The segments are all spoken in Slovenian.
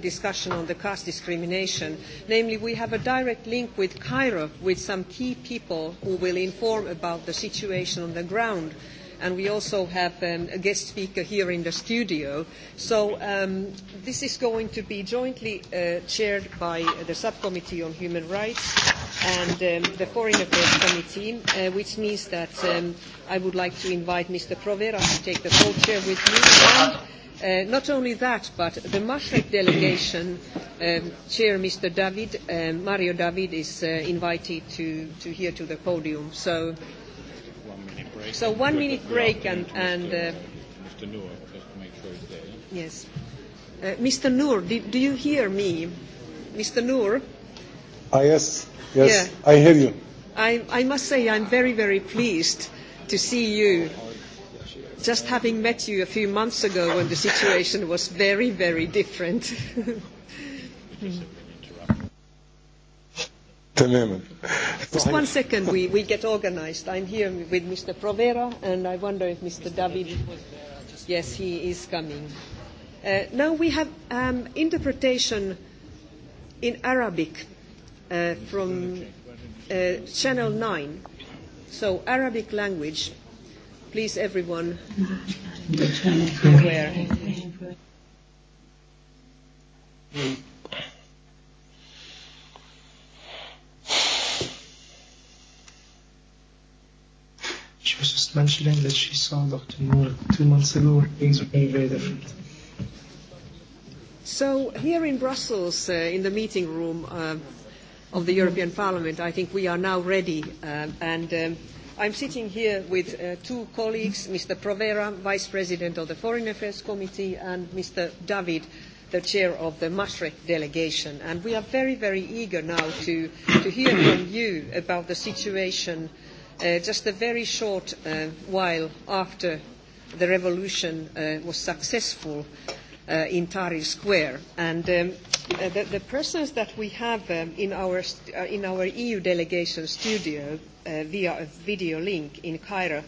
discussion on the caste discrimination. Namely, we have a direct link with Cairo with some key people who will inform about the situation on the ground. And we also have um, a guest speaker here in the studio. So um, this is going to be jointly uh, chaired by the Subcommittee on Human Rights and um, the Foreign Affairs Committee, uh, which means that um, I would like to invite Mr. Provera to take the co-chair with me. And, uh, Uh, not only that, but the Maastricht delegation uh, chair, Mr. David, uh, Mario David, is uh, invited to, to here to the podium. So, one minute break, so and, one minute break and, and, and uh, Mr. Noor, uh, just to make sure he's there. Yeah? Yes. Uh, Mr. Noor, do, do you hear me? Mr. Noor? Ah, yes, yes, yeah. I hear you. I, I must say I'm very, very pleased to see you. Oh, just having met you a few months ago when the situation was very, very different. Just one second, we, we get organized. I'm here with Mr. Provera, and I wonder if Mr. Mr. David. Yes, he is coming. Uh, now we have um, interpretation in Arabic uh, from uh, Channel 9, so Arabic language please everyone aware. She was just mentioning that she saw Dr. Moore two months ago and things were very, very different. So here in Brussels, uh, in the meeting room uh, of the European Parliament, I think we are now ready. Uh, and um, I'm sitting here with uh, two colleagues, Mr. Provera, Vice President of the Foreign Affairs Committee, and Mr. David, the Chair of the Masrek Delegation. And we are very, very eager now to, to hear from you about the situation uh, just a very short uh, while after the revolution uh, was successful uh, in Tahrir Square. And um, uh, the, the presence that we have um, in, our st- uh, in our EU delegation studio uh, via a video link in Cairo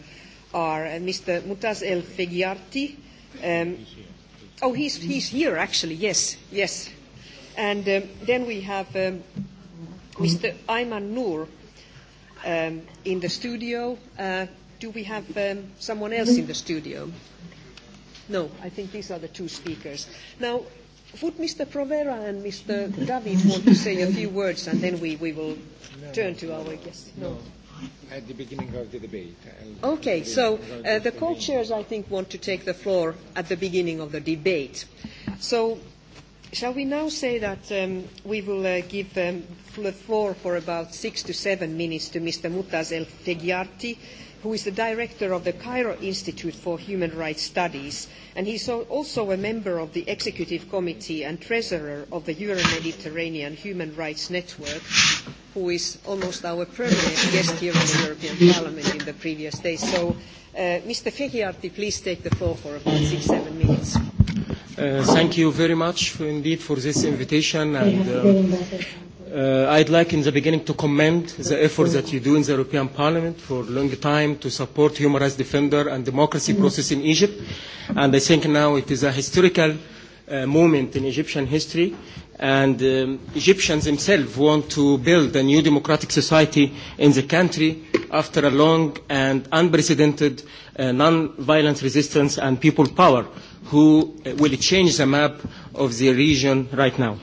are uh, Mr. Mutaz El Fegiarti. Um, oh, he's, he's here, actually, yes, yes. And um, then we have um, Mr. Ayman Noor um, in the studio. Uh, do we have um, someone else in the studio? No, I think these are the two speakers. Now, would Mr. Provera and Mr. David want to say a few words and then we, we will no, turn to no, our guests? No. no. At the beginning of the debate. I'll okay, so uh, the co chairs, I think, want to take the floor at the beginning of the debate. So, shall we now say that um, we will uh, give um, the floor for about six to seven minutes to Mr. Mutaz El Fegiarti? who is the director of the Cairo Institute for Human Rights Studies, and he's also a member of the Executive Committee and Treasurer of the Euro-Mediterranean Human Rights Network, who is almost our permanent guest here in the European Parliament in the previous days. So, uh, Mr. Fehiarty, please take the floor for about six, seven minutes. Uh, thank you very much for, indeed for this invitation. And, uh, Uh, I'd like in the beginning to commend the effort that you do in the European Parliament for a long time to support human rights defender and democracy mm. process in Egypt. And I think now it is a historical uh, moment in Egyptian history. And um, Egyptians themselves want to build a new democratic society in the country after a long and unprecedented uh, non-violent resistance and people power who uh, will change the map of the region right now.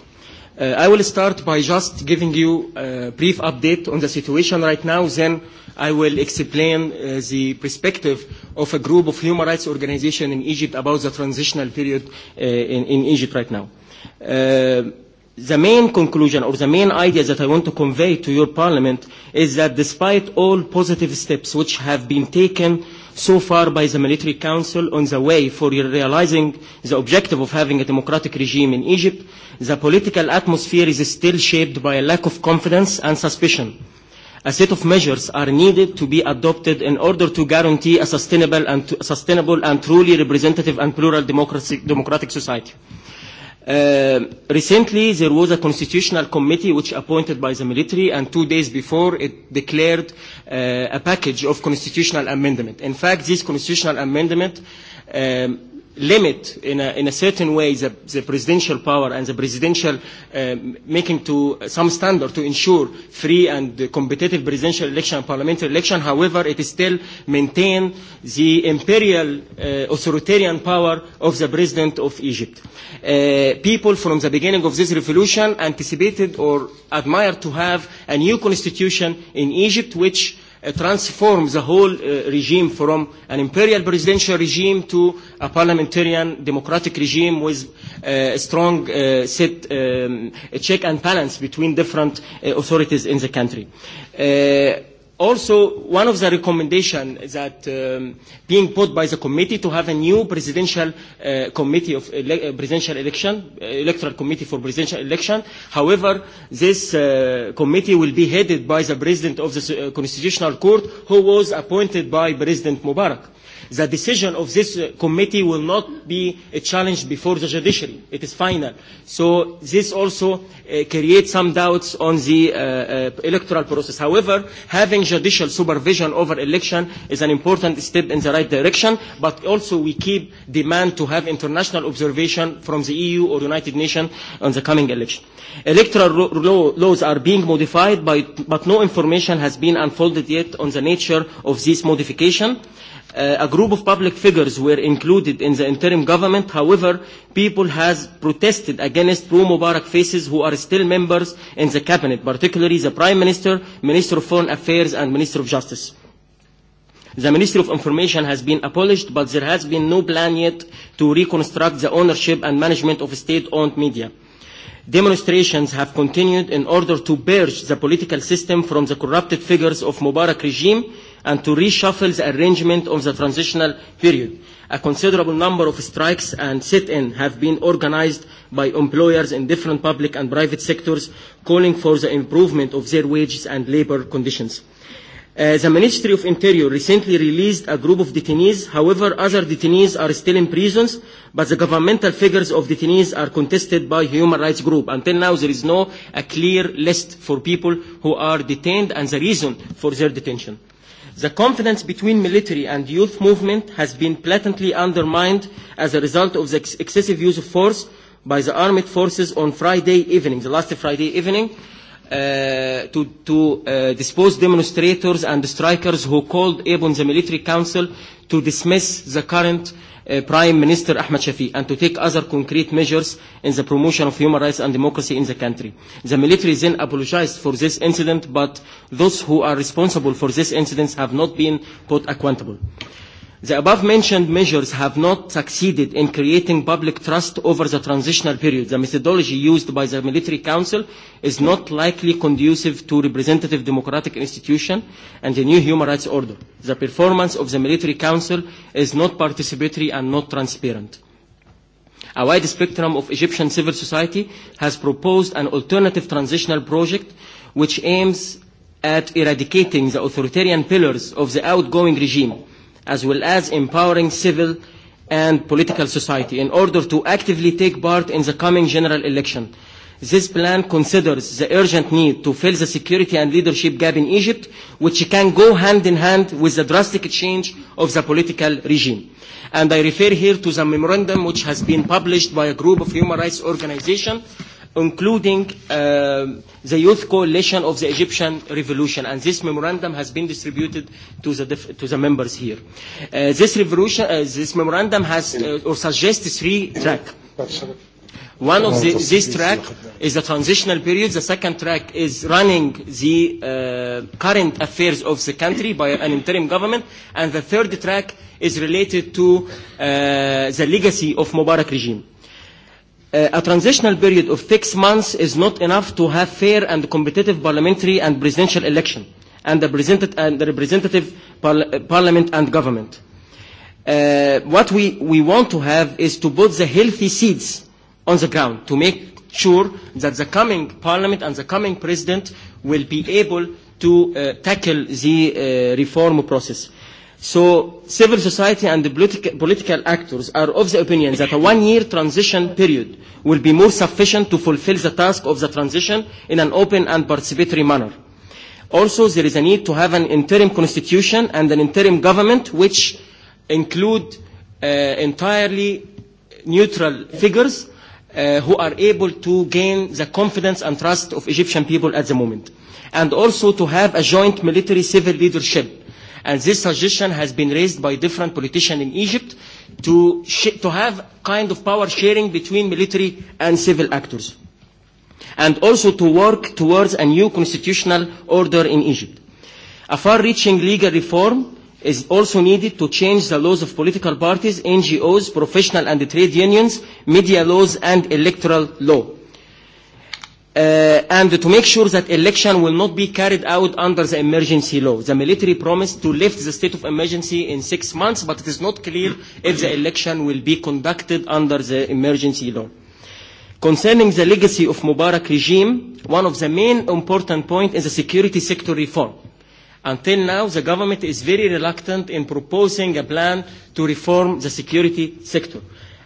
Uh, I will start by just giving you a brief update on the situation right now, then I will explain uh, the perspective of a group of human rights organizations in Egypt about the transitional period uh, in, in Egypt right now. Uh, the main conclusion or the main idea that I want to convey to your parliament is that despite all positive steps which have been taken uh, so far by the military council on the way for realizing the objective of having a democratic regime in Egypt, the political atmosphere is still shaped by a lack of confidence and suspicion. A set of measures are needed to be adopted in order to guarantee a sustainable and, sustainable and truly representative and plural democracy, democratic society. Uh, Uh, recently, there was a constitutional committee which appointed by the military, and two days before, it declared uh, a package of constitutional amendment. In fact, this constitutional amendment um, limit in a, in a certain way the, the presidential power and the presidential uh, making to some standard to ensure free and competitive presidential election and parliamentary election. However, it is still maintain the imperial uh, authoritarian power of the president of Egypt. Uh, people from the beginning of this revolution anticipated or admired to have a new constitution in Egypt which uh, Uh, transform the whole uh, regime from an imperial presidential regime to a parliamentarian democratic regime with uh, a strong uh, set um, a check and balance between different uh, authorities in the country. Uh, also one of the recommendations that um, being put by the committee to have a new presidential uh, committee of ele uh, presidential election, uh, electoral committee for presidential election. However, this uh, committee will be headed by the president of the uh, constitutional court who was appointed by President Mubarak the decision of this uh, committee will not be a challenge before the judiciary. It is final. So this also uh, creates some doubts on the uh, uh, electoral process. However, having judicial supervision over election is an important step in the right direction, but also we keep demand to have international observation from the EU or United Nations on the coming election. Electoral ro- laws are being modified, by, but no information has been unfolded yet on the nature of this modification uh, a group of public figures were included in the interim government. However, people has protested against pro-Mubarak faces who are still members in the cabinet, particularly the Prime Minister, Minister of Foreign Affairs, and Minister of Justice. The Ministry of Information has been abolished, but there has been no plan yet to reconstruct the ownership and management of state-owned media. Demonstrations have continued in order to purge the political system from the corrupted figures of Mubarak regime, and to reshuffle the arrangement of the transitional period. A considerable number of strikes and sit-in have been organized by employers in different public and private sectors calling for the improvement of their wages and labor conditions. Uh, the Ministry of Interior recently released a group of detainees. However, other detainees are still in prisons, but the governmental figures of detainees are contested by human rights groups. Until now, there is no a clear list for people who are detained and the reason for their detention. The confidence between military and youth movement has been blatantly undermined as a result of the ex excessive use of force by the armed forces on Friday evening, the last Friday evening, uh, to, to uh, dispose demonstrators and strikers who called upon the military council to dismiss the current uh, Uh, Prime Minister Ahmed Shafi and to take other concrete measures in the promotion of human rights and democracy in the country. The military then apologized for this incident, but those who are responsible for this incident have not been put accountable. Uh, The above-mentioned measures have not succeeded in creating public trust over the transitional period. The methodology used by the military council is not likely conducive to representative democratic institution and the new human rights order. The performance of the military council is not participatory and not transparent. A wide spectrum of Egyptian civil society has proposed an alternative transitional project which aims at eradicating the authoritarian pillars of the outgoing regime as well as empowering civil and political society in order to actively take part in the coming general election. This plan considers the urgent need to fill the security and leadership gap in Egypt, which can go hand in hand with the drastic change of the political regime. And I refer here to the memorandum which has been published by a group of human rights organizations including uh, the youth coalition of the Egyptian revolution. And this memorandum has been distributed to the, def to the members here. Uh, this, revolution, uh, this memorandum has uh, or suggests three tracks. One of the, this track is the transitional period. The second track is running the uh, current affairs of the country by an interim government. And the third track is related to uh, the legacy of Mubarak regime. Uh, a transitional period of six months is not enough to have fair and competitive parliamentary and presidential election and the, presented, and the representative par uh, parliament and government. Uh, what we, we want to have is to put the healthy seeds on the ground to make sure that the coming parliament and the coming president will be able to uh, tackle the uh, reform process. So civil society and the politica- political actors are of the opinion that a one-year transition period will be more sufficient to fulfill the task of the transition in an open and participatory manner. Also, there is a need to have an interim constitution and an interim government which include uh, entirely neutral figures uh, who are able to gain the confidence and trust of Egyptian people at the moment. And also to have a joint military-civil leadership And this suggestion has been raised by different politicians in Egypt to, sh to have kind of power sharing between military and civil actors. And also to work towards a new constitutional order in Egypt. A far-reaching legal reform is also needed to change the laws of political parties, NGOs, professional and trade unions, media laws, and electoral law uh, and to make sure that election will not be carried out under the emergency law. The military promised to lift the state of emergency in six months, but it is not clear if the election will be conducted under the emergency law. Concerning the legacy of Mubarak regime, one of the main important points is the security sector reform. Until now, the government is very reluctant in proposing a plan to reform the security sector.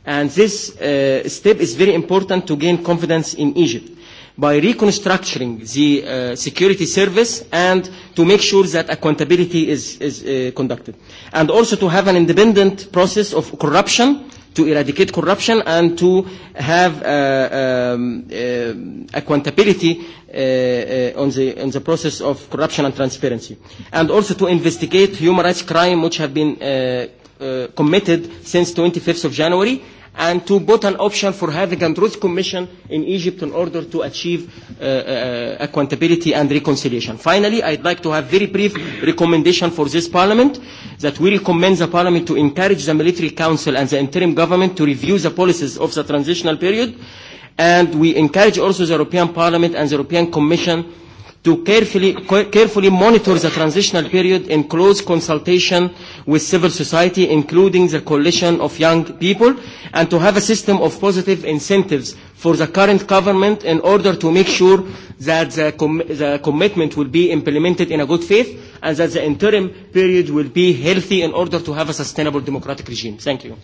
And this uh, step is very important to gain confidence in Egypt by reconstructing the uh, security service and to make sure that accountability is, is uh, conducted. And also to have an independent process of corruption, to eradicate corruption and to have uh, um, uh, accountability uh, uh, on, the, on the process of corruption and transparency. And also to investigate human rights crime which have been uh, uh, committed since 25th of January and to put an option for having a truth commission in Egypt in order to achieve uh, uh, accountability and reconciliation. Finally, I'd like to have very brief recommendation for this parliament that we recommend the parliament to encourage the military council and the interim government to review the policies of the transitional period. And we encourage also the European Parliament and the European Commission to carefully, carefully monitor the transitional period in close consultation with civil society, including the coalition of young people, and to have a system of positive incentives for the current government in order to make sure that the, com the commitment will be implemented in a good faith and that the interim period will be healthy in order to have a sustainable democratic regime. Thank you.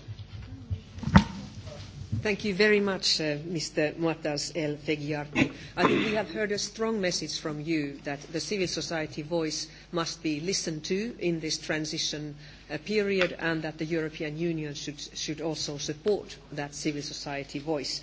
Thank you very much, uh, Mr. Muattas El Fegiarti. I think we have heard a strong message from you that the civil society voice must be listened to in this transition uh, period and that the European Union should, should also support that civil society voice.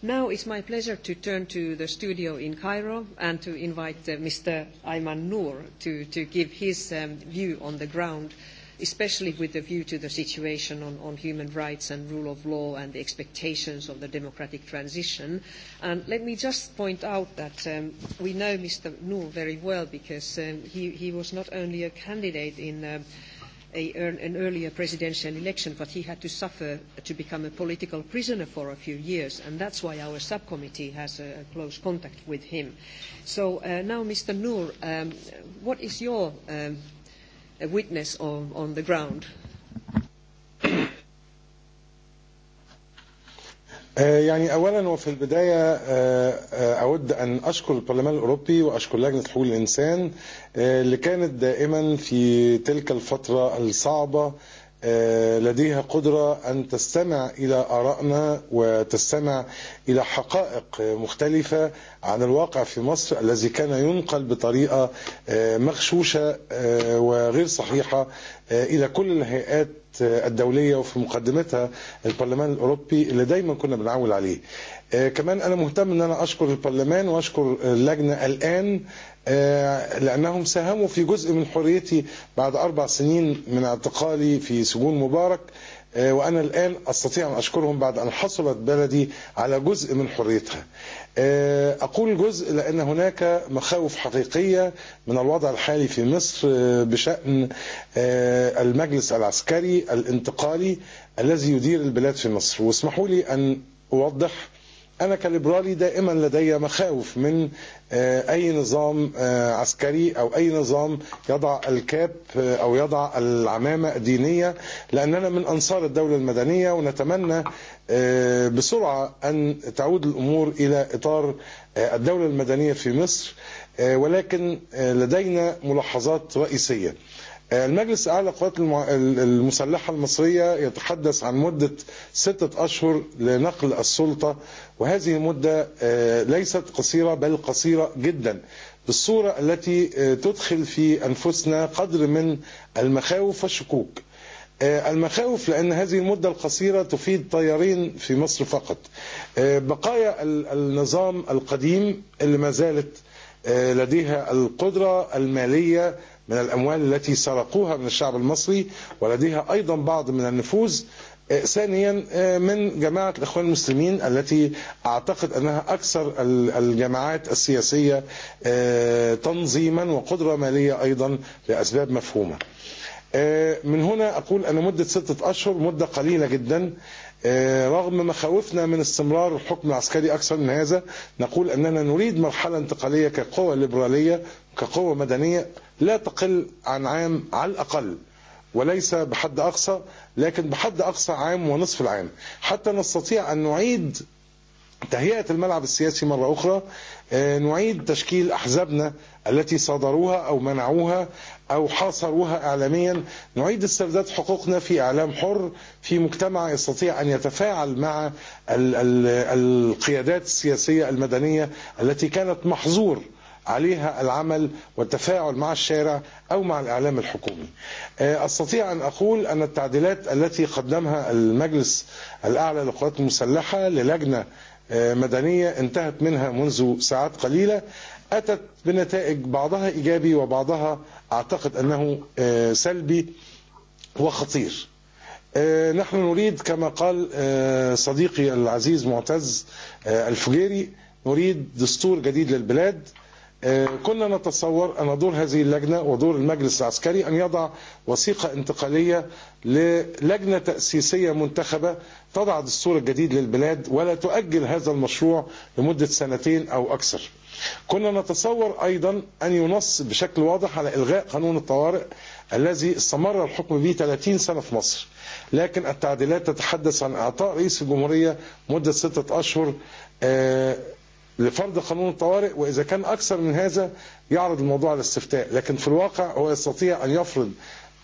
Now it's my pleasure to turn to the studio in Cairo and to invite uh, Mr. Ayman Noor to, to give his um, view on the ground especially with a view to the situation on, on human rights and rule of law and the expectations of the democratic transition. And um, let me just point out that um, we know Mr. Nuhl very well because um, he, he was not only a candidate in uh, a, an earlier presidential election, but he had to suffer to become a political prisoner for a few years, and that's why our subcommittee has a, a close contact with him. So uh, now, Mr. Noor, um, what is your... Um, a witness on, on the ground. يعني اولا وفي البدايه اود ان اشكر البرلمان الاوروبي واشكر لجنه حقوق الانسان اللي كانت دائما في تلك الفتره الصعبه لديها قدرة أن تستمع إلى آرائنا وتستمع إلى حقائق مختلفة عن الواقع في مصر الذي كان ينقل بطريقة مغشوشة وغير صحيحة إلى كل الهيئات الدولية وفي مقدمتها البرلمان الأوروبي اللي دايما كنا بنعول عليه كمان أنا مهتم أن أنا أشكر البرلمان وأشكر اللجنة الآن لأنهم ساهموا في جزء من حريتي بعد أربع سنين من اعتقالي في سجون مبارك وأنا الآن أستطيع أن أشكرهم بعد أن حصلت بلدي على جزء من حريتها أقول جزء لأن هناك مخاوف حقيقية من الوضع الحالي في مصر بشأن المجلس العسكري الانتقالي الذي يدير البلاد في مصر واسمحوا لي أن أوضح انا كليبرالي دائما لدي مخاوف من اي نظام عسكري او اي نظام يضع الكاب او يضع العمامه الدينيه لاننا من انصار الدوله المدنيه ونتمنى بسرعه ان تعود الامور الى اطار الدوله المدنيه في مصر ولكن لدينا ملاحظات رئيسيه المجلس الاعلى للقوات المسلحه المصريه يتحدث عن مده سته اشهر لنقل السلطه وهذه المده ليست قصيره بل قصيره جدا بالصوره التي تدخل في انفسنا قدر من المخاوف والشكوك. المخاوف لان هذه المده القصيره تفيد طيارين في مصر فقط. بقايا النظام القديم اللي ما زالت لديها القدره الماليه من الأموال التي سرقوها من الشعب المصري ولديها أيضا بعض من النفوذ ثانيا من جماعة الإخوان المسلمين التي أعتقد أنها أكثر الجماعات السياسية تنظيما وقدرة مالية أيضا لأسباب مفهومة من هنا أقول أن مدة ستة أشهر مدة قليلة جدا رغم مخاوفنا من استمرار الحكم العسكري أكثر من هذا نقول أننا نريد مرحلة انتقالية كقوى ليبرالية كقوة مدنية لا تقل عن عام على الأقل وليس بحد أقصى لكن بحد أقصى عام ونصف العام حتى نستطيع أن نعيد تهيئة الملعب السياسي مرة أخرى نعيد تشكيل أحزابنا التي صادروها أو منعوها أو حاصروها إعلاميا نعيد استرداد حقوقنا في إعلام حر في مجتمع يستطيع أن يتفاعل مع القيادات السياسية المدنية التي كانت محظور عليها العمل والتفاعل مع الشارع او مع الاعلام الحكومي. استطيع ان اقول ان التعديلات التي قدمها المجلس الاعلى للقوات المسلحه للجنه مدنيه انتهت منها منذ ساعات قليله اتت بنتائج بعضها ايجابي وبعضها اعتقد انه سلبي وخطير. نحن نريد كما قال صديقي العزيز معتز الفجيري نريد دستور جديد للبلاد كنا نتصور ان دور هذه اللجنه ودور المجلس العسكري ان يضع وثيقه انتقاليه للجنه تاسيسيه منتخبه تضع الدستور الجديد للبلاد ولا تؤجل هذا المشروع لمده سنتين او اكثر. كنا نتصور ايضا ان ينص بشكل واضح على الغاء قانون الطوارئ الذي استمر الحكم به 30 سنه في مصر. لكن التعديلات تتحدث عن اعطاء رئيس الجمهوريه مده سته اشهر آه لفرض قانون الطوارئ واذا كان اكثر من هذا يعرض الموضوع على استفتاء لكن في الواقع هو يستطيع ان يفرض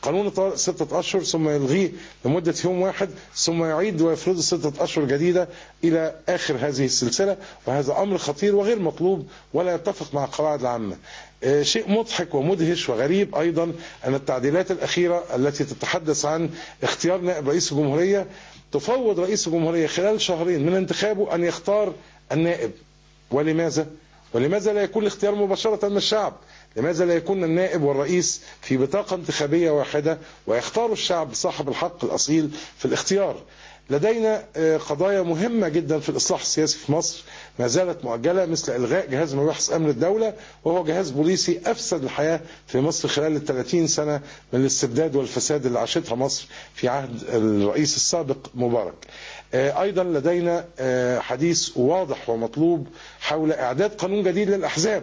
قانون الطوارئ ستة أشهر ثم يلغيه لمدة يوم واحد ثم يعيد ويفرض ستة أشهر جديدة إلى آخر هذه السلسلة وهذا أمر خطير وغير مطلوب ولا يتفق مع القواعد العامة شيء مضحك ومدهش وغريب أيضا أن التعديلات الأخيرة التي تتحدث عن اختيار نائب رئيس الجمهورية تفوض رئيس الجمهورية خلال شهرين من انتخابه أن يختار النائب ولماذا؟ ولماذا لا يكون الاختيار مباشرة من الشعب؟ لماذا لا يكون النائب والرئيس في بطاقة انتخابية واحدة ويختار الشعب صاحب الحق الأصيل في الاختيار؟ لدينا قضايا مهمة جدا في الإصلاح السياسي في مصر ما زالت مؤجلة مثل إلغاء جهاز مباحث أمن الدولة وهو جهاز بوليسي أفسد الحياة في مصر خلال الثلاثين سنة من الاستبداد والفساد اللي عاشتها مصر في عهد الرئيس السابق مبارك أيضا لدينا حديث واضح ومطلوب حول إعداد قانون جديد للأحزاب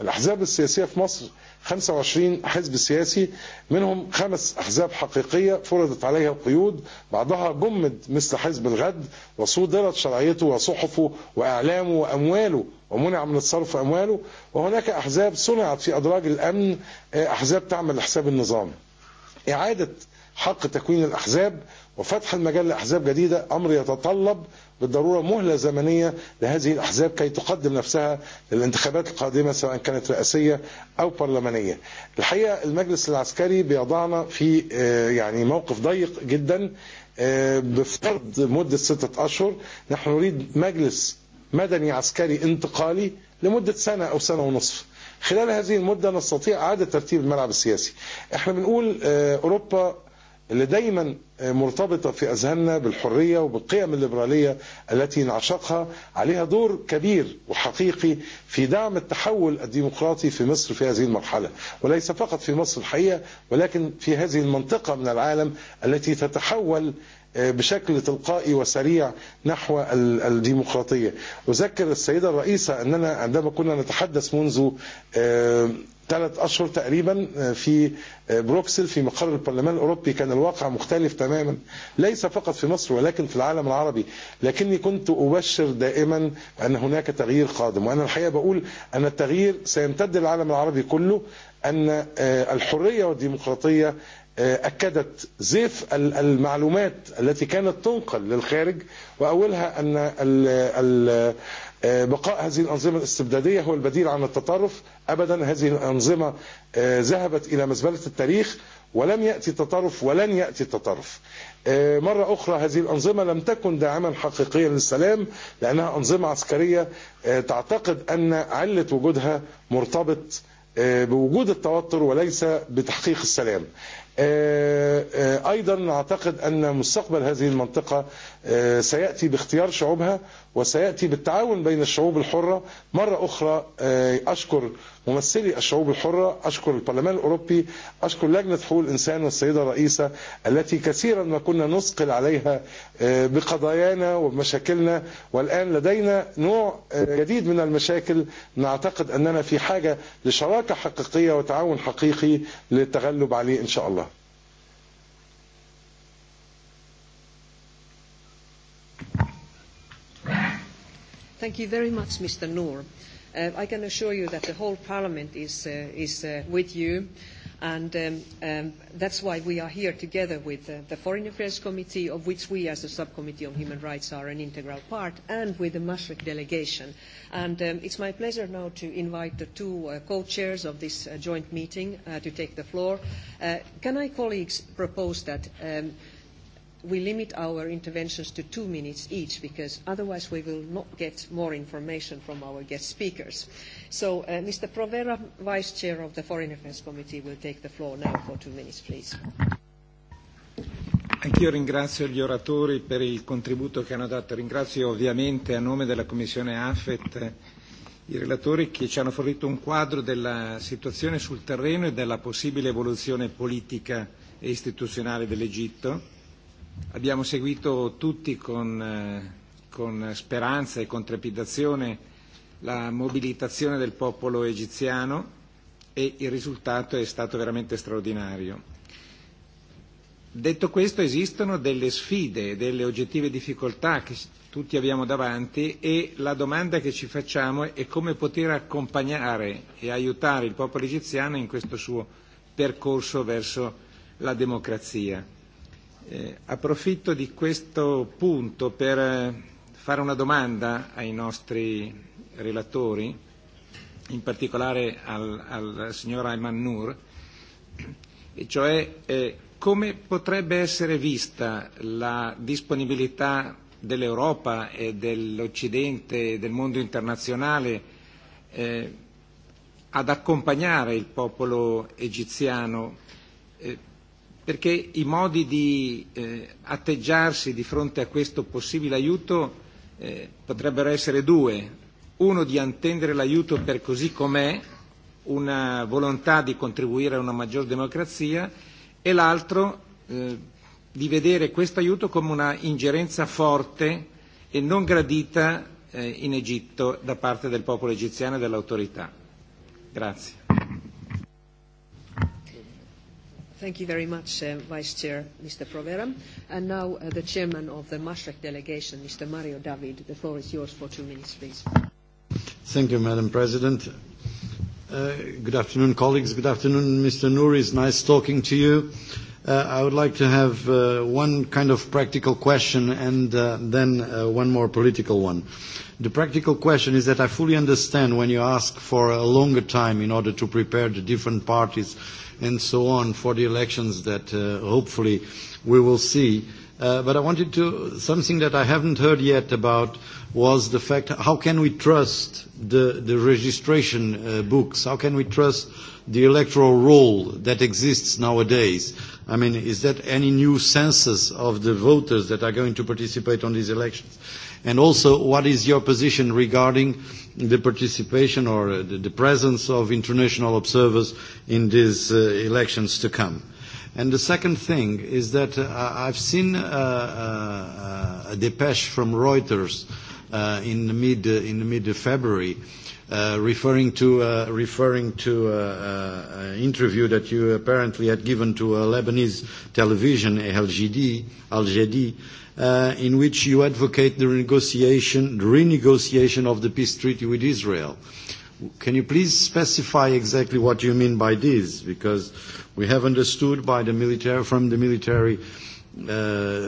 الأحزاب السياسية في مصر 25 حزب سياسي منهم خمس احزاب حقيقيه فرضت عليها القيود بعضها جمد مثل حزب الغد وصودرت شرعيته وصحفه واعلامه وامواله ومنع من الصرف امواله وهناك احزاب صنعت في ادراج الامن احزاب تعمل لحساب النظام. اعاده حق تكوين الأحزاب وفتح المجال لأحزاب جديدة أمر يتطلب بالضرورة مهلة زمنية لهذه الأحزاب كي تقدم نفسها للانتخابات القادمة سواء كانت رئاسية أو برلمانية الحقيقة المجلس العسكري بيضعنا في يعني موقف ضيق جدا بفرض مدة ستة أشهر نحن نريد مجلس مدني عسكري انتقالي لمدة سنة أو سنة ونصف خلال هذه المدة نستطيع إعادة ترتيب الملعب السياسي احنا بنقول أوروبا اللي دايما مرتبطه في اذهاننا بالحريه وبالقيم الليبراليه التي نعشقها عليها دور كبير وحقيقي في دعم التحول الديمقراطي في مصر في هذه المرحله وليس فقط في مصر الحقيقه ولكن في هذه المنطقه من العالم التي تتحول بشكل تلقائي وسريع نحو الديمقراطيه اذكر السيده الرئيسه اننا عندما كنا نتحدث منذ ثلاث اشهر تقريبا في بروكسل في مقر البرلمان الاوروبي كان الواقع مختلف تماما ليس فقط في مصر ولكن في العالم العربي لكني كنت ابشر دائما ان هناك تغيير قادم وانا الحقيقه بقول ان التغيير سيمتد للعالم العربي كله ان الحريه والديمقراطيه أكدت زيف المعلومات التي كانت تنقل للخارج وأولها أن بقاء هذه الأنظمة الاستبدادية هو البديل عن التطرف أبدا هذه الأنظمة ذهبت إلى مزبلة التاريخ ولم يأتي التطرف ولن يأتي التطرف مرة أخرى هذه الأنظمة لم تكن داعما حقيقيا للسلام لأنها أنظمة عسكرية تعتقد أن علة وجودها مرتبط بوجود التوتر وليس بتحقيق السلام ايضا اعتقد ان مستقبل هذه المنطقه سياتي باختيار شعوبها وسيأتي بالتعاون بين الشعوب الحرة مرة أخرى أشكر ممثلي الشعوب الحرة أشكر البرلمان الأوروبي أشكر لجنة حقوق الإنسان والسيدة الرئيسة التي كثيرا ما كنا نثقل عليها بقضايانا ومشاكلنا والآن لدينا نوع جديد من المشاكل نعتقد أننا في حاجة لشراكة حقيقية وتعاون حقيقي للتغلب عليه إن شاء الله Thank you very much, Mr. Noor. Uh, I can assure you that the whole Parliament is, uh, is uh, with you, and um, um, that's why we are here together with uh, the Foreign Affairs Committee, of which we as a Subcommittee on Human Rights are an integral part, and with the Mashrek delegation. And um, it's my pleasure now to invite the two uh, co-chairs of this uh, joint meeting uh, to take the floor. Uh, can I, colleagues, propose that um, we limit our interventions to two minutes each because otherwise we will not get more information from our guest speakers. So uh, Mr. Provera, Vice Chair of the Foreign Affairs Committee, will take the floor now for two minutes, please. Anch'io ringrazio gli oratori per il contributo che hanno dato. Ringrazio ovviamente a nome della Commissione AFET i relatori che ci hanno fornito un quadro della situazione sul terreno e della possibile evoluzione politica e istituzionale dell'Egitto abbiamo seguito tutti con, eh, con speranza e con trepidazione la mobilitazione del popolo egiziano e il risultato è stato veramente straordinario. Detto questo esistono delle sfide, delle oggettive difficoltà che tutti abbiamo davanti e la domanda che ci facciamo è come poter accompagnare e aiutare il popolo egiziano in questo suo percorso verso la democrazia. Eh, approfitto di questo punto per eh, fare una domanda ai nostri relatori, in particolare al, al signor Ayman Nur, e cioè eh, come potrebbe essere vista la disponibilità dell'Europa e dell'Occidente e del mondo internazionale eh, ad accompagnare il popolo egiziano eh, perché i modi di eh, atteggiarsi di fronte a questo possibile aiuto eh, potrebbero essere due. Uno di attendere l'aiuto per così com'è, una volontà di contribuire a una maggior democrazia e l'altro eh, di vedere questo aiuto come una ingerenza forte e non gradita eh, in Egitto da parte del popolo egiziano e dell'autorità. Grazie. Thank you very much, uh, Vice Chair, Mr. Provera. And now uh, the Chairman of the Maastricht Delegation, Mr. Mario David. The floor is yours for two minutes, please. Thank you, Madam President. Uh, good afternoon, colleagues. Good afternoon, Mr. Nouri. It's nice talking to you. Uh, I would like to have uh, one kind of practical question and uh, then uh, one more political one. The practical question is that I fully understand when you ask for a longer time in order to prepare the different parties and so on for the elections that uh, hopefully we will see. Uh, but I wanted to, something that I haven't heard yet about was the fact, how can we trust the, the registration uh, books? How can we trust the electoral roll that exists nowadays? I mean, is that any new census of the voters that are going to participate on these elections? Also, what is your position regarding the participation or uh, the presence of international observers in these uh, elections to come? The second thing is that uh, I've seen a depeche from Reuters in mid-February referring to an interview that you apparently had given to a Lebanese television, Al Jadid, uh, in which you advocate the renegotiation, renegotiation of the peace treaty with Israel. Can you please specify exactly what you mean by this? Because we have understood by the military, from the military uh,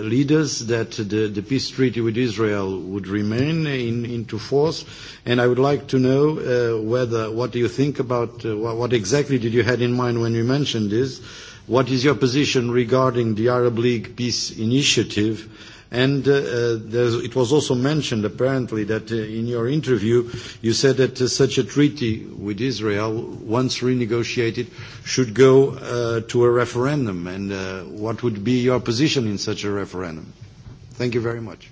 leaders that the, the peace treaty with Israel would remain in, into force. And I would like to know uh, whether, what do you think about, uh, what, what exactly did you have in mind when you mentioned this? Uh, what is your position regarding the Arab League peace initiative? And uh, uh, it was also mentioned, apparently, that uh, in your interview, you said that uh, such a treaty with Israel, once renegotiated, should go uh, to a referendum. And uh, what would be your position in such a referendum? Thank you very much.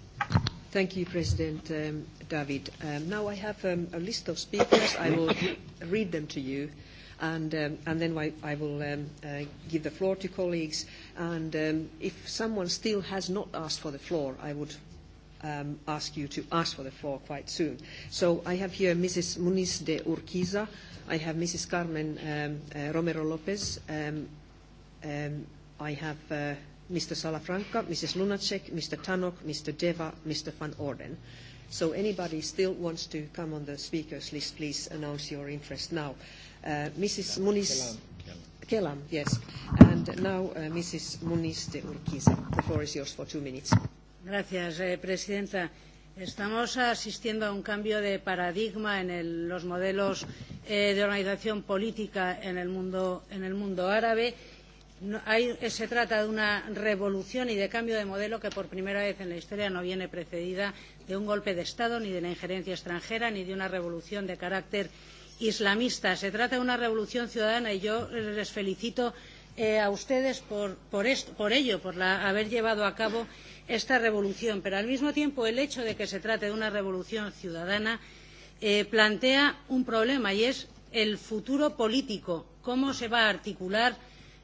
Thank you, President um, David. Um, now I have um, a list of speakers. I will read them to you and um, and then I, I will um, uh, give the floor to colleagues. And um, if someone still has not asked for the floor, I would um, ask you to ask for the floor quite soon. So I have here Mrs. Muniz de Urquiza. I have Mrs. Carmen um, uh, Romero Lopez. Um, um, I have. Uh, Mr. Salafranca, Mrs. Lunacek, Mr. Tanok, Mr. Deva, Mr. Van Orden. Uh, Anybody still wants to come on the speakers list, please announce your interest now. Uh, Mrs. Munis- Kelam. Kelam, yes. Now, uh, Mrs. Muniz de Urquiza, the floor is yours for two minutes. Gracias, eh, Presidenta. Estamos asistiendo a un cambio de paradigma en los modelos eh, de organización política en el mundo árabe. No, eh, se trata de una revolución y de cambio de modelo que por primera vez en la historia no viene precedida de un golpe de Estado, ni de la injerencia extranjera, ni de una revolución de carácter islamista. Se trata de una revolución ciudadana y yo les felicito eh, a ustedes por, por, esto, por ello, por la, haber llevado a cabo esta revolución. Pero al mismo tiempo, el hecho de que se trate de una revolución ciudadana eh, plantea un problema y es el futuro político. ¿Cómo se va a articular?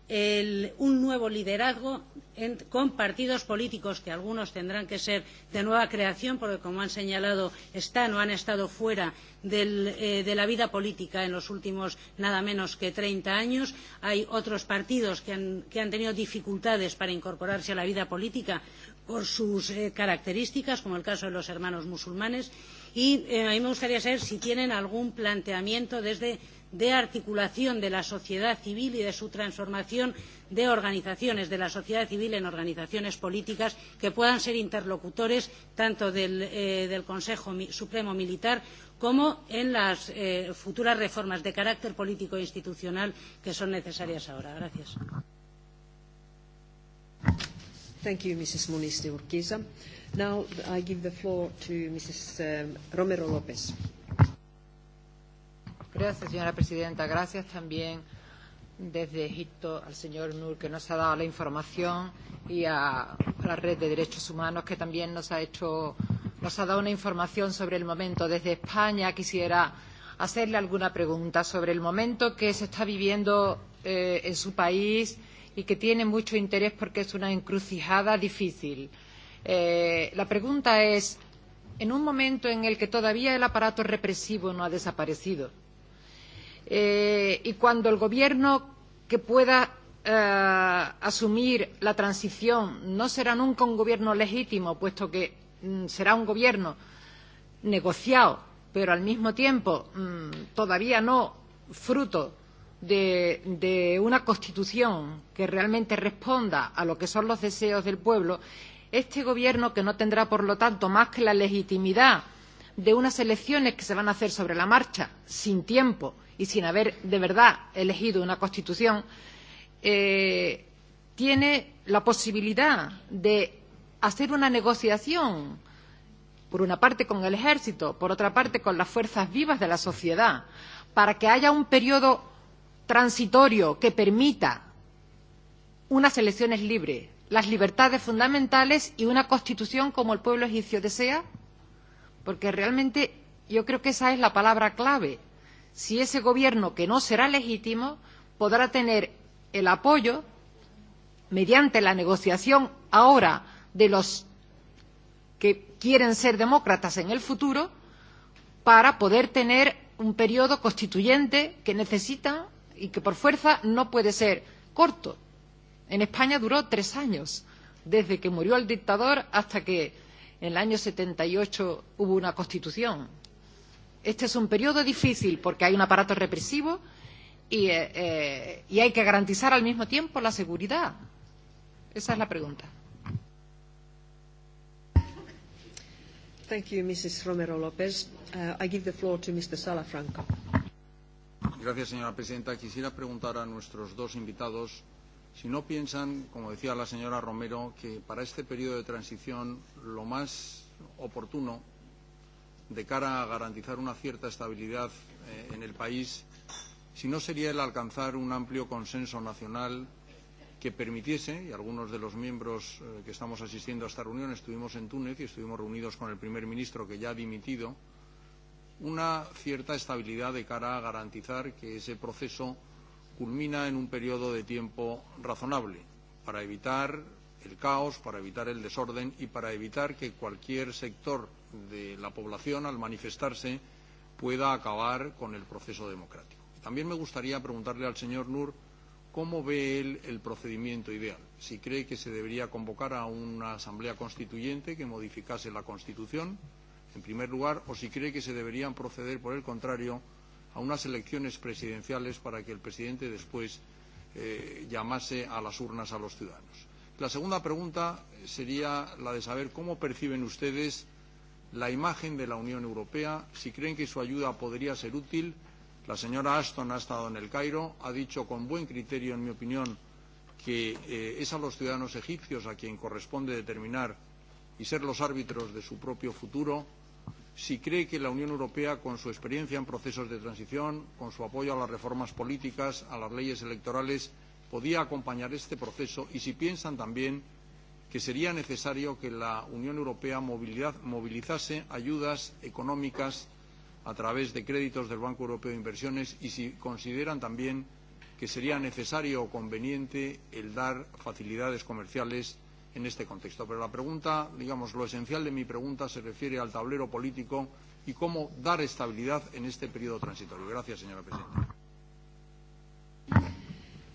el, un nuevo liderazgo en, con partidos políticos que algunos tendrán que ser de nueva creación porque, como han señalado, están o han estado fuera del, eh, de la vida política en los últimos nada menos que 30 años. Hay otros partidos que han, que han tenido dificultades para incorporarse a la vida política por sus eh, características, como el caso de los hermanos musulmanes. Y eh, a mí me gustaría saber si tienen algún planteamiento desde de articulación de la sociedad civil y de su transformación de organizaciones de la sociedad civil en organizaciones políticas que puedan ser interlocutores tanto del, eh, del Consejo Supremo Militar como en las eh, futuras reformas de carácter político e institucional que son necesarias ahora. Gracias. Thank you, Mrs. Moniz de Urquiza. Now I give the floor to Mrs. Eh, Romero López. Gracias, señora presidenta. Gracias también desde Egipto al señor Nur, que nos ha dado la información, y a, a la Red de Derechos Humanos, que también nos ha, hecho, nos ha dado una información sobre el momento. Desde España quisiera hacerle alguna pregunta sobre el momento que se está viviendo eh, en su país y que tiene mucho interés porque es una encrucijada difícil. Eh, la pregunta es, en un momento en el que todavía el aparato represivo no ha desaparecido, eh, y cuando el gobierno que pueda eh, asumir la transición no será nunca un gobierno legítimo, puesto que mm, será un gobierno negociado, pero al mismo tiempo mm, todavía no fruto de, de una constitución que realmente responda a lo que son los deseos del pueblo, este gobierno que no tendrá por lo tanto más que la legitimidad de unas elecciones que se van a hacer sobre la marcha, sin tiempo y sin haber de verdad elegido una constitución, eh, tiene la posibilidad de hacer una negociación, por una parte con el ejército, por otra parte con las fuerzas vivas de la sociedad, para que haya un periodo transitorio que permita unas elecciones libres, las libertades fundamentales y una constitución como el pueblo egipcio desea? porque realmente yo creo que esa es la palabra clave. Si ese gobierno, que no será legítimo, podrá tener el apoyo mediante la negociación ahora de los que quieren ser demócratas en el futuro para poder tener un periodo constituyente que necesita y que por fuerza no puede ser corto. En España duró tres años, desde que murió el dictador hasta que En el año 78 hubo una constitución. Este es un periodo difícil porque hay un aparato represivo y, eh, eh, y hay que garantizar al mismo tiempo la seguridad. Esa es la pregunta. Thank you, Mrs. Romero López. Uh, I give the floor to Mr. Salafranca. Gracias, señora presidenta. Quisiera preguntar a nuestros dos invitados si no piensan, como decía la señora Romero, que para este periodo de transición lo más oportuno de cara a garantizar una cierta estabilidad eh, en el país, si no sería el alcanzar un amplio consenso nacional que permitiese, y algunos de los miembros eh, que estamos asistiendo a esta reunión estuvimos en Túnez y estuvimos reunidos con el primer ministro que ya ha dimitido, una cierta estabilidad de cara a garantizar que ese proceso culmina en un periodo de tiempo razonable para evitar el caos, para evitar el desorden y para evitar que cualquier sector de la población, al manifestarse, pueda acabar con el proceso democrático. También me gustaría preguntarle al señor Nur cómo ve él el procedimiento ideal, si cree que se debería convocar a una asamblea constituyente que modificase la Constitución, en primer lugar, o si cree que se deberían proceder, por el contrario, a unas elecciones presidenciales para que el presidente después eh, llamase a las urnas a los ciudadanos. La segunda pregunta sería la de saber cómo perciben ustedes la imagen de la Unión Europea, si creen que su ayuda podría ser útil. La señora Ashton ha estado en el Cairo, ha dicho con buen criterio, en mi opinión, que eh, es a los ciudadanos egipcios a quien corresponde determinar y ser los árbitros de su propio futuro si cree que la Unión Europea, con su experiencia en procesos de transición, con su apoyo a las reformas políticas, a las leyes electorales, podía acompañar este proceso y si piensan también que sería necesario que la Unión Europea movilizase ayudas económicas a través de créditos del Banco Europeo de Inversiones y si consideran también que sería necesario o conveniente el dar facilidades comerciales en este contexto. Pero la pregunta, digamos, lo esencial de mi pregunta se refiere al tablero político y cómo dar estabilidad en este periodo transitorio. Gracias, señora presidenta.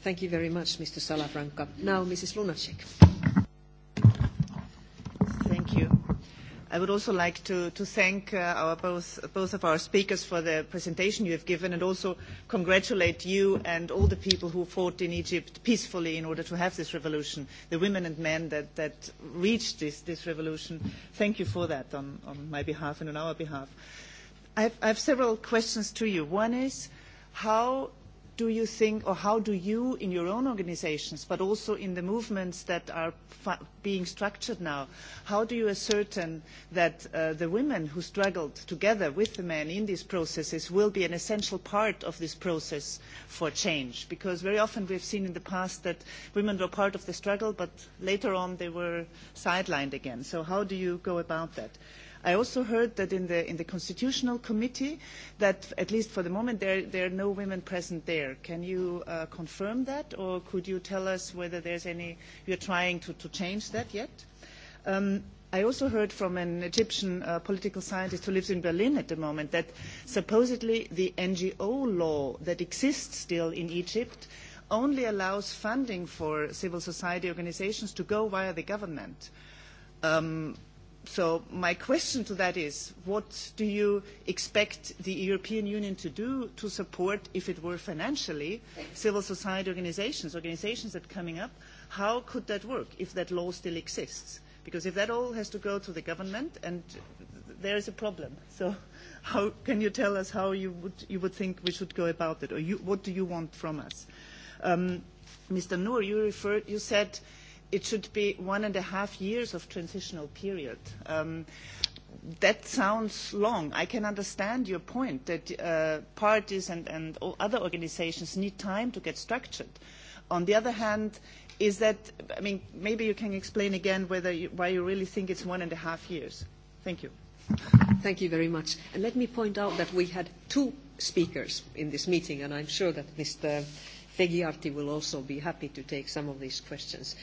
Thank you very much, Mr. Salafranca. Now, Mrs. Lunacek. I would also like to, to thank uh, our both, both of our speakers for the presentation you have given and also congratulate you and all the people who fought in Egypt peacefully in order to have this revolution, the women and men that, that reached this, this revolution. Thank you for that on, on my behalf and on our behalf. I have, I have several questions to you. One is, how do you think, or how do you, in your own organizations, but also in the movements that are being structured now, how do you ascertain that uh, the women who struggled together with the men in these processes will be an essential part of this process for change? Because very often we've seen in the past that women were part of the struggle, but later on they were sidelined again. So how do you go about that? I also heard that in the in the constitutional committee, that at least for the moment there there are no women present there. Can you uh, confirm that, or could you tell us whether there's any you're trying to to change that yet? Um, I also heard from an Egyptian uh, political scientist who lives in Berlin at the moment that supposedly the NGO law that exists still in Egypt only allows funding for civil society organizations to go via the government. Um, so my question to that is, what do you expect the European Union to do to support, if it were financially, civil society organizations, organizations that are coming up? How could that work if that law still exists? Because if that all has to go to the government, and there is a problem. So how can you tell us how you would, you would think we should go about it? Or you, what do you want from us? Um, Mr. Noor, you, referred, you said it should be one and a half years of transitional period. Um, that sounds long. I can understand your point that uh, parties and, and all other organizations need time to get structured. On the other hand, is that, I mean, maybe you can explain again whether you, why you really think it's one and a half years. Thank you. Thank you very much. And let me point out that we had two speakers in this meeting, and I'm sure that Mr. Peggy Arti will also be happy to take some of these questions.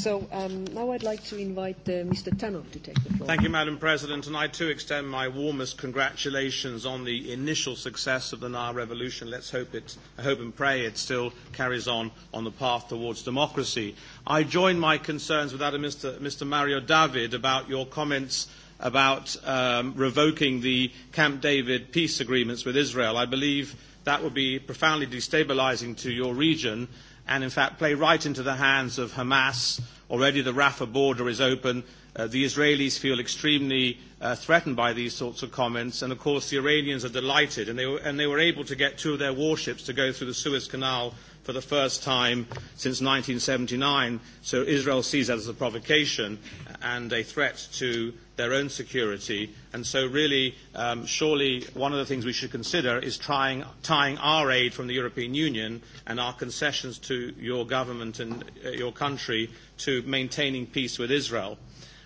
So um, now I'd like to invite uh, Mr. Tanov to take the floor. Thank you, Madam President, and I too extend my warmest congratulations on the initial success of the Nile Revolution. Let's hope it, I hope and pray it still carries on on the path towards democracy. I join my concerns with Adam, Mr. Mr. Mario David about your comments about um, revoking the Camp David peace agreements with Israel. I believe that would be profoundly destabilizing to your region and, in fact, play right into the hands of Hamas. Already the Rafah border is open. Uh, the Israelis feel extremely uh, threatened by these sorts of comments, and of course the Iranians are delighted, and they, were, and they were able to get two of their warships to go through the Suez Canal for the first time since 1979. So Israel sees that as a provocation and a threat to their own security. And so really, um, surely one of the things we should consider is trying, tying our aid from the European Union and our concessions to your government and uh, your country to maintaining peace with Israel.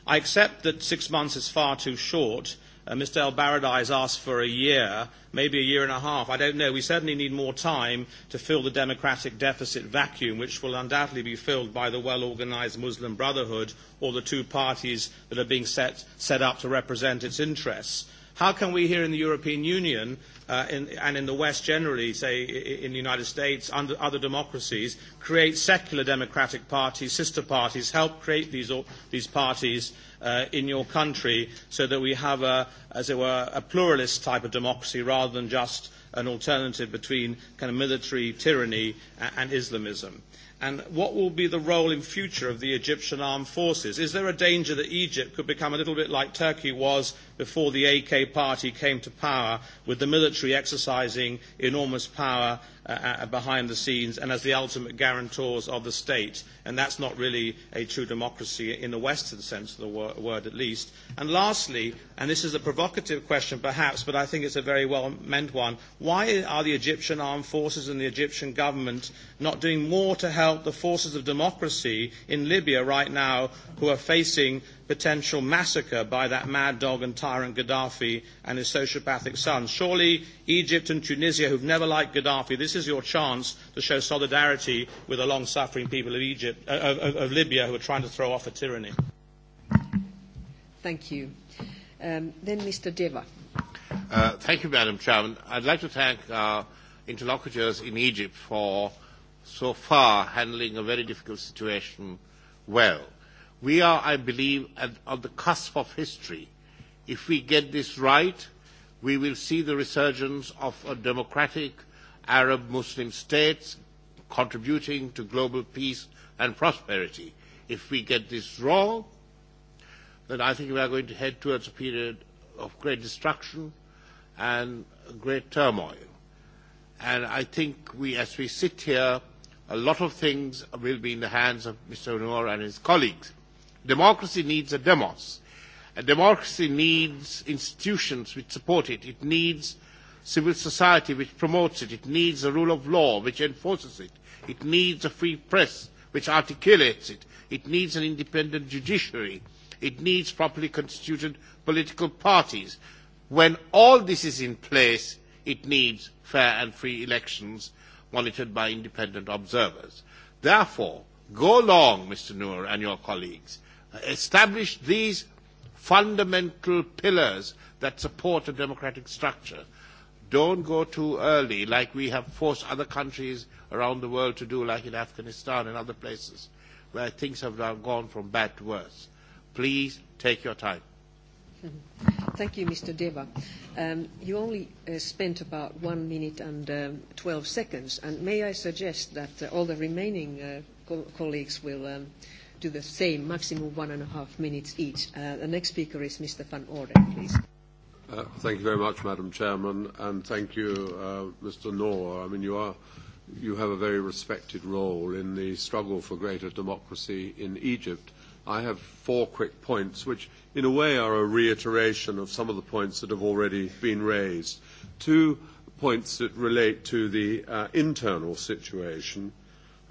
I accept that six months is far too short. Uh, Mr. El Baradai has asked for a year, maybe a year and a half. I don't know. We certainly need more time to fill the democratic deficit vacuum, which will undoubtedly be filled by the well organized Muslim Brotherhood or the two parties that are being set, set up to represent its interests. How can we here in the European Union Uh, in, and in the West generally, say in the United States, under other democracies, create secular democratic parties, sister parties, help create these, these parties uh, in your country so that we have, a, as it were, a pluralist type of democracy rather than just an alternative between kind of military tyranny and, and Islamism. And what will be the role in future of the Egyptian armed forces? Is there a danger that Egypt could become a little bit like Turkey was before the AK party came to power, with the military exercising enormous power uh, uh, uh, behind the scenes and as the ultimate guarantors of the state? And that's not really a true democracy in the Western sense of the word, at least. And lastly, and this is a provocative question perhaps, but I think it's a very well meant one. Why are the Egyptian armed forces and the Egyptian government not doing more to help the forces of democracy in Libya right now who are facing potential massacre by that mad dog and tyrant Gaddafi and his sociopathic son? Surely Egypt and Tunisia, who've never liked Gaddafi, this is your chance to show solidarity with the long suffering people of, Egypt, uh, of, of Libya who are trying to throw off a tyranny. Thank you. Um, then Mr. Deva. Uh, thank you, Madam Chairman. I'd like to thank our interlocutors in Egypt for so far handling a very difficult situation well. We are, I believe, at, on the cusp of history. If we get this right, we will see the resurgence of a democratic Arab Muslim state contributing to global peace and prosperity. If we get this wrong, that I think we are going to head towards a period of great destruction and great turmoil. And I think we, as we sit here, a lot of things will be in the hands of Mr. Noor and his colleagues. Democracy needs a demos. A democracy needs institutions which support it. It needs civil society which promotes it. It needs the rule of law which enforces it. It needs a free press which articulates it. It needs an independent judiciary it needs properly constituted political parties. When all this is in place, it needs fair and free elections monitored by independent observers. Therefore, go along, Mr. Noor and your colleagues, establish these fundamental pillars that support a democratic structure. Don't go too early like we have forced other countries around the world to do, like in Afghanistan and other places where things have gone from bad to worse. Please take your time. Thank you, Mr. Deva. Um, you only uh, spent about one minute and um, 12 seconds, and may I suggest that uh, all the remaining uh, co colleagues will um, do the same, maximum one and a half minutes each. Uh, the next speaker is Mr. Van Orden, please. Uh, thank you very much, Madam Chairman, and thank you, uh, Mr. Noor. I mean, you, are, you have a very respected role in the struggle for greater democracy in Egypt. I have four quick points, which in a way are a reiteration of some of the points that have already been raised. Two points that relate to the uh, internal situation.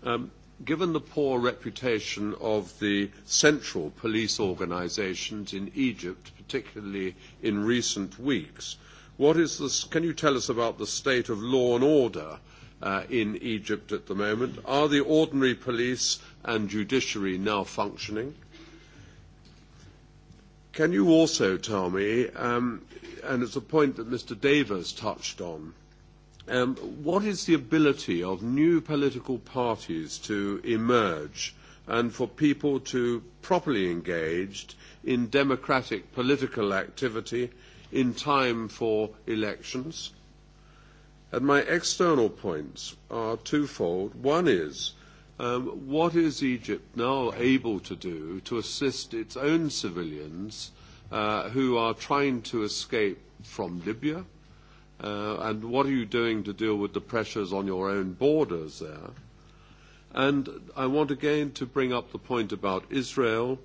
Um, given the poor reputation of the central police organizations in Egypt, particularly in recent weeks, what is this, can you tell us about the state of law and order uh, uh, in Egypt at the moment? Are the ordinary police and judiciary now functioning? Can you also tell me, um, and it's a point that Mr. Davis touched on, um, what is the ability of new political parties to emerge and for people to properly engage in democratic political activity in time for elections? And my external points are twofold. One is, um, what is Egypt now able to do to assist its own civilians uh, who are trying to escape from Libya? Uh, and what are you doing to deal with the pressures on your own borders there? And I want again to bring up the point about Israel.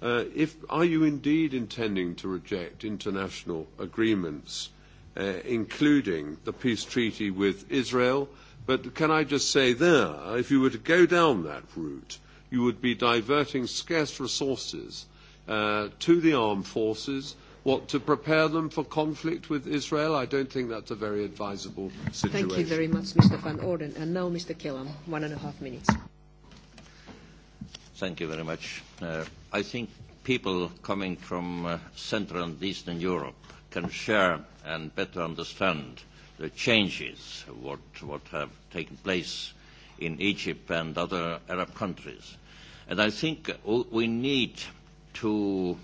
Uh, if, are you indeed intending to reject international agreements? uh, including the peace treaty with Israel. But can I just say there, if you were to go down that route, you would be diverting scarce resources uh, to the armed forces. What, to prepare them for conflict with Israel? I don't think that's a very advisable situation. Thank you very much, Mr. Van Orden. And now, Mr. Killam, one and a half minutes. Thank you very much. Uh, I think people coming from uh, Central and Eastern Europe can share and better understand the changes what, what have taken place in Egypt and other Arab countries. And I think we need to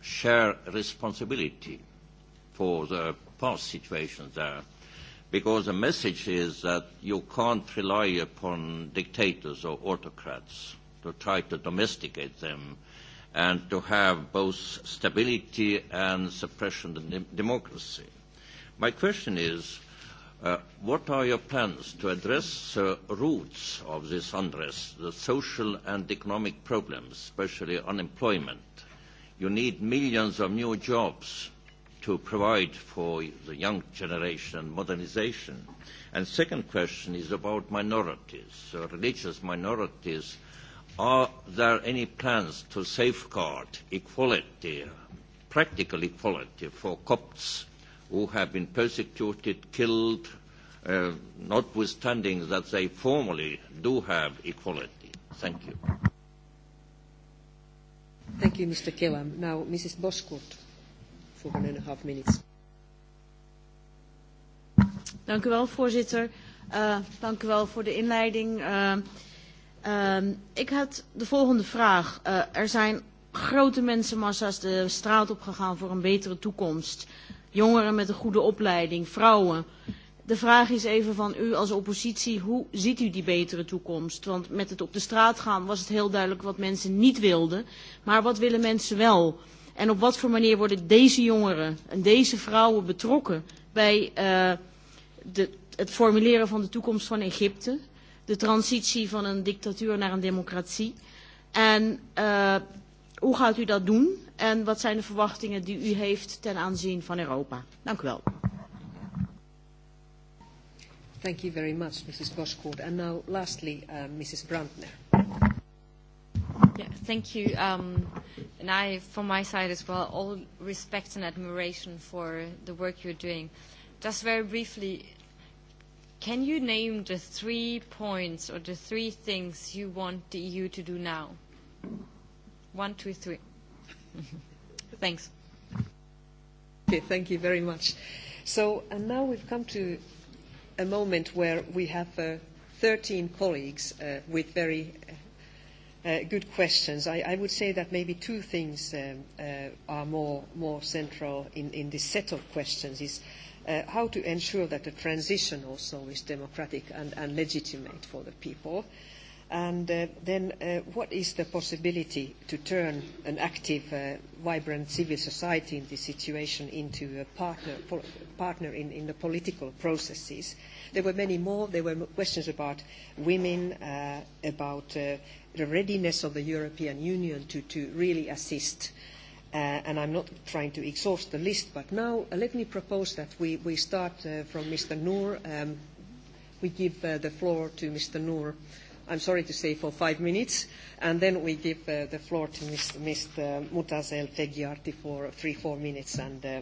share responsibility for the past situation there because the message is that you can't rely upon dictators or autocrats to try to domesticate them uh, and to have both stability and suppression of democracy. My question is, uh, what are your plans to address the uh, roots of this unrest, the social and economic problems, especially unemployment? You need millions of new jobs to provide for the young generation and modernization. And second question is about minorities, uh, religious minorities Are there any plans to safeguard equality, practical equality, for Copts who have been persecuted, killed, uh, notwithstanding that they formally do have equality? Thank you. Thank you, Mr. Kellam. Now, Mrs. Boscourt, for one and a half minutes. Dank u wel, voorzitter. Uh, dank u wel voor de inleiding. Uh, Um, ik had de volgende vraag. Uh, er zijn grote mensenmassa's de straat opgegaan voor een betere toekomst. Jongeren met een goede opleiding, vrouwen. De vraag is even van u als oppositie, hoe ziet u die betere toekomst? Want met het op de straat gaan was het heel duidelijk wat mensen niet wilden. Maar wat willen mensen wel? En op wat voor manier worden deze jongeren en deze vrouwen betrokken bij uh, de, het formuleren van de toekomst van Egypte? de transitie van een dictatuur naar een democratie. En uh, hoe gaat u dat doen? En wat zijn de verwachtingen die u heeft ten aanzien van Europa? Dank u wel. Thank you very much, Mrs. Boschkord. And now, lastly, uh, Mrs. Brandner. Yeah, thank you. Um, and I, from my side as well, all respect and admiration for the work you're doing. Just very briefly, can you name the three points or the three things you want the EU to do now? One, two, three. Thanks. Okay, thank you very much. So, and now we've come to a moment where we have uh, 13 colleagues uh, with very uh, uh, good questions. I, I would say that maybe two things um, uh, are more, more central in, in this set of questions is uh, how to ensure that the transition also is democratic and, and legitimate for the people. And uh, then uh, what is the possibility to turn an active, uh, vibrant civil society in this situation into a partner, pol- partner in, in the political processes? There were many more. There were questions about women, uh, about uh, the readiness of the European Union to, to really assist uh, uh, and I'm not trying to exhaust the list, but now uh, let me propose that we, we start uh, from Mr. Noor. Um, we give uh, the floor to Mr. Noor, I'm sorry to say, for five minutes, and then we give uh, the floor to Mr. Mutazel Fegiarti for three, four minutes, and uh,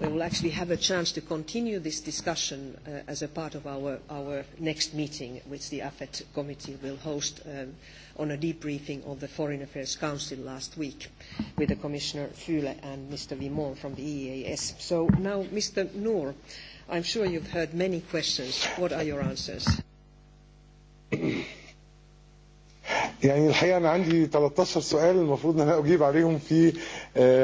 we will actually have a chance to continue this discussion uh, as a part of our, our next meeting, which the AFET committee will host. Um, on a debriefing of the Foreign Affairs Council last week with the Commissioner Füle and Mr. Vimon from the EAS. So now, Mr. Noor, I'm sure you've heard many questions. What are your answers? يعني الحقيقة أنا عندي 13 سؤال المفروض أن أنا أجيب عليهم في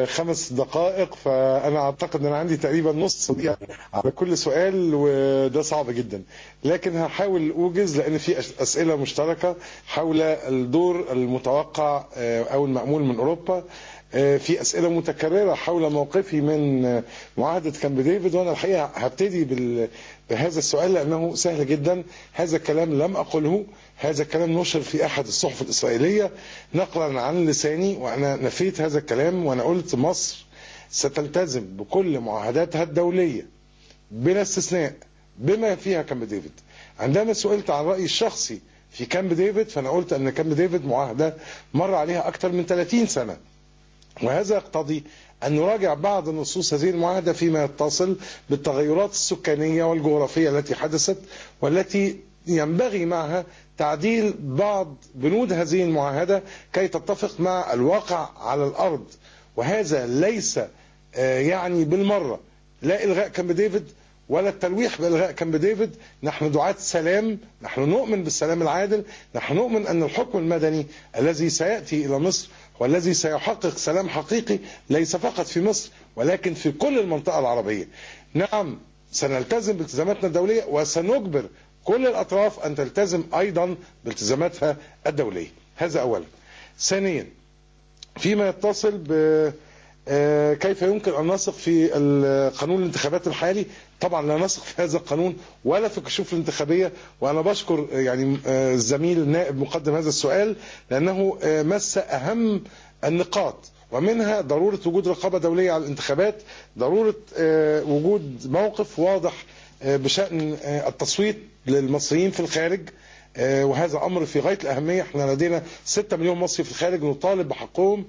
خمس دقائق فأنا أعتقد أن أنا عندي تقريبا نص دقيقة على كل سؤال وده صعب جدا لكن هحاول أوجز لأن في أسئلة مشتركة حول الدور المتوقع أو المأمول من أوروبا في اسئله متكرره حول موقفي من معاهده كامب ديفيد وانا الحقيقه هبتدي بهذا السؤال لانه سهل جدا هذا الكلام لم اقله هذا الكلام نشر في احد الصحف الاسرائيليه نقلا عن لساني وانا نفيت هذا الكلام وانا قلت مصر ستلتزم بكل معاهداتها الدوليه بلا استثناء بما فيها كامب ديفيد عندما سئلت عن رايي الشخصي في كامب ديفيد فانا قلت ان كامب ديفيد معاهده مر عليها اكثر من 30 سنه وهذا يقتضي أن نراجع بعض النصوص هذه المعاهدة فيما يتصل بالتغيرات السكانية والجغرافية التي حدثت والتي ينبغي معها تعديل بعض بنود هذه المعاهدة كي تتفق مع الواقع على الأرض وهذا ليس يعني بالمرة لا إلغاء كامب ديفيد ولا التلويح بإلغاء كامب ديفيد نحن دعاة سلام نحن نؤمن بالسلام العادل نحن نؤمن أن الحكم المدني الذي سيأتي إلى مصر والذي سيحقق سلام حقيقي ليس فقط في مصر ولكن في كل المنطقه العربيه. نعم سنلتزم بالتزاماتنا الدوليه وسنجبر كل الاطراف ان تلتزم ايضا بالتزاماتها الدوليه. هذا اولا. ثانيا فيما يتصل ب كيف يمكن ان نثق في قانون الانتخابات الحالي طبعا لا نثق في هذا القانون ولا في الكشوف الانتخابيه وانا بشكر يعني الزميل نائب مقدم هذا السؤال لانه مس اهم النقاط ومنها ضروره وجود رقابه دوليه على الانتخابات ضروره وجود موقف واضح بشان التصويت للمصريين في الخارج وهذا امر في غايه الاهميه احنا لدينا 6 مليون مصري في الخارج نطالب بحقهم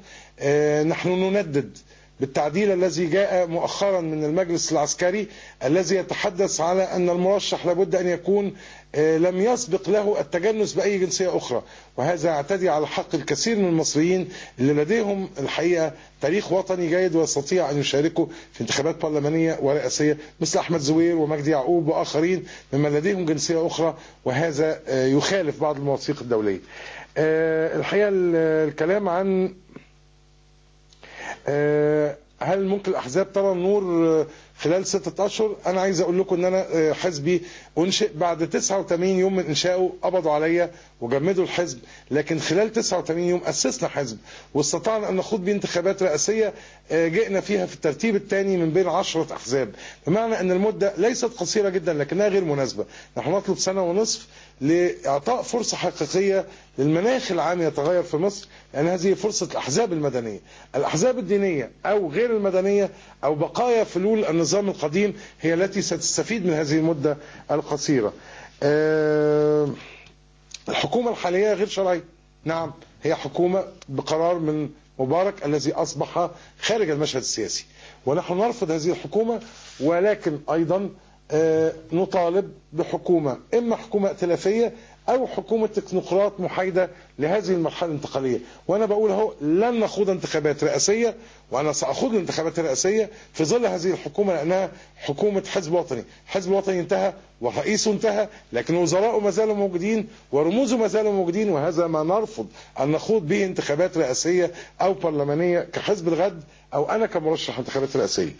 نحن نندد بالتعديل الذي جاء مؤخرا من المجلس العسكري الذي يتحدث على ان المرشح لابد ان يكون لم يسبق له التجنس باي جنسيه اخرى وهذا يعتدي على حق الكثير من المصريين اللي لديهم الحقيقه تاريخ وطني جيد ويستطيع ان يشاركوا في انتخابات برلمانيه ورئاسيه مثل احمد زوير ومجدي يعقوب واخرين مما لديهم جنسيه اخرى وهذا يخالف بعض المواثيق الدوليه الحقيقه الكلام عن هل ممكن الاحزاب ترى النور خلال ستة اشهر انا عايز اقول لكم ان انا حزبي انشئ بعد 89 يوم من انشائه قبضوا عليا وجمدوا الحزب لكن خلال 89 يوم اسسنا حزب واستطعنا ان نخوض بانتخابات رئاسيه جئنا فيها في الترتيب الثاني من بين عشرة احزاب بمعنى ان المده ليست قصيره جدا لكنها غير مناسبه نحن نطلب سنه ونصف لإعطاء فرصة حقيقية للمناخ العام يتغير في مصر لأن هذه فرصة الأحزاب المدنية الأحزاب الدينية أو غير المدنية أو بقايا فلول النظام القديم هي التي ستستفيد من هذه المدة القصيرة الحكومة الحالية غير شرعية نعم هي حكومة بقرار من مبارك الذي أصبح خارج المشهد السياسي ونحن نرفض هذه الحكومة ولكن أيضا نطالب بحكومة إما حكومة ائتلافية أو حكومة تكنوقراط محايدة لهذه المرحلة الانتقالية وأنا بقول هو لن نخوض انتخابات رئاسية وانا ساخوض الانتخابات الرئاسيه في ظل هذه الحكومه لانها حكومه حزب وطني، حزب وطني انتهى ورئيسه انتهى لكن وزراءه ما زالوا موجودين ورموزه ما زالوا موجودين وهذا ما نرفض ان نخوض به انتخابات رئاسيه او برلمانيه كحزب الغد او انا كمرشح انتخابات رئاسيه.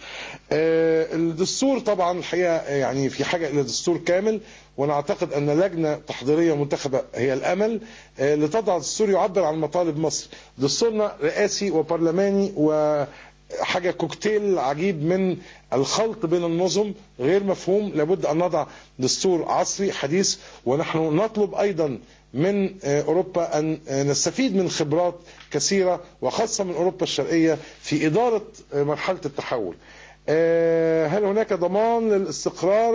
الدستور طبعا الحقيقه يعني في حاجه الى دستور كامل ونعتقد ان لجنه تحضيريه منتخبه هي الامل لتضع دستور يعبر عن مطالب مصر دستورنا رئاسي وبرلماني وحاجة كوكتيل عجيب من الخلط بين النظم غير مفهوم لابد أن نضع دستور عصري حديث ونحن نطلب أيضا من أوروبا أن نستفيد من خبرات كثيرة وخاصة من أوروبا الشرقية في إدارة مرحلة التحول هل هناك ضمان للاستقرار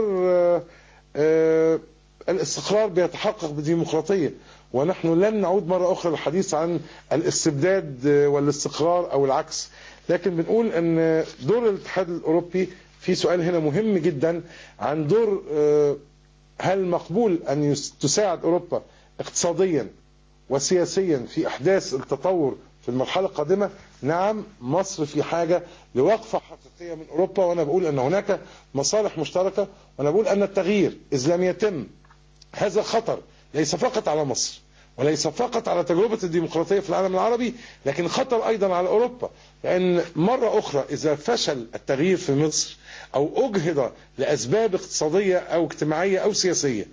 الاستقرار بيتحقق بديمقراطية ونحن لن نعود مرة أخرى للحديث عن الاستبداد والاستقرار أو العكس لكن بنقول أن دور الاتحاد الأوروبي في سؤال هنا مهم جدا عن دور هل مقبول أن تساعد أوروبا اقتصاديا وسياسيا في أحداث التطور في المرحلة القادمة نعم مصر في حاجة لوقفة حقيقية من أوروبا وأنا بقول أن هناك مصالح مشتركة وأنا بقول أن التغيير إذ لم يتم هذا خطر ليس فقط على مصر وليس فقط على تجربة الديمقراطية في العالم العربي لكن خطر أيضا على أوروبا لأن مرة أخرى إذا فشل التغيير في مصر أو أجهض لأسباب اقتصادية أو اجتماعية أو سياسية